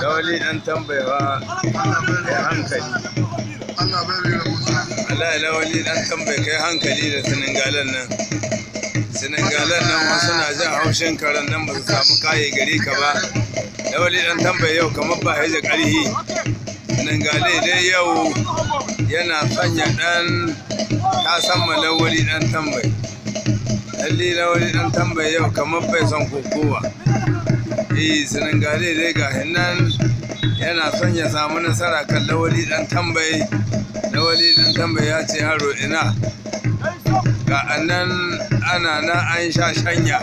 Dawali ɗan tambayawa kai hankali. Allah ya lawali ɗan tambaya kai hankali da Senegalan nan. Senegalan nan wasu na jin haushin karen nan ba su samu kaye gare ka ba. Dawali ɗan tambaya yau kamar ba haiza ƙarhi. Senegale dai yau yana sanya ɗan ta san dan ɗan tambaya. Lalle lawali ɗan tambaya yau kamar bai son kokowa. eh sinangale dai ga nan yana son ya samu nasara kan lawali dan tambayi lawali dan tambayi ya ce haro ina ga annan ana na an sha shanya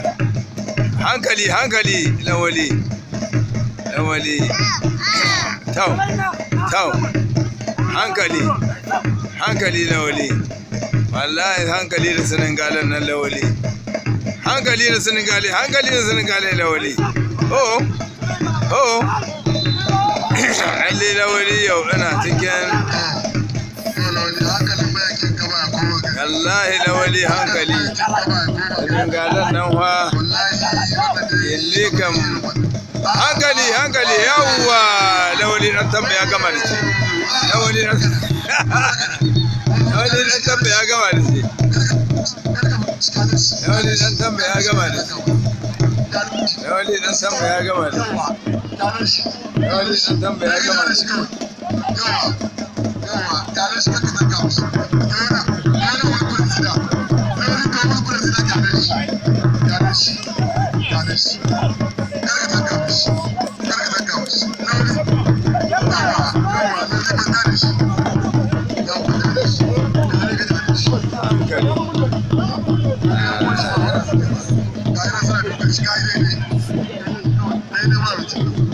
hankali hankali lawali lawali tau tau hankali hankali lawali wallahi hankali da sanin galan nan lawali hankali da senegali hankali da senegali lawali oh oh alli lawali yau ina cikin wallahi lawali hankali senegalan nan fa illi kam hankali hankali yawwa lawali dan tambaya gama da shi lawali dan tambaya gama da Lawali dan tamba ya gama da Lawali dan tamba ya gama da Lawali dan tamba ya gama da Ga yana sa duka shi ga yi daidai.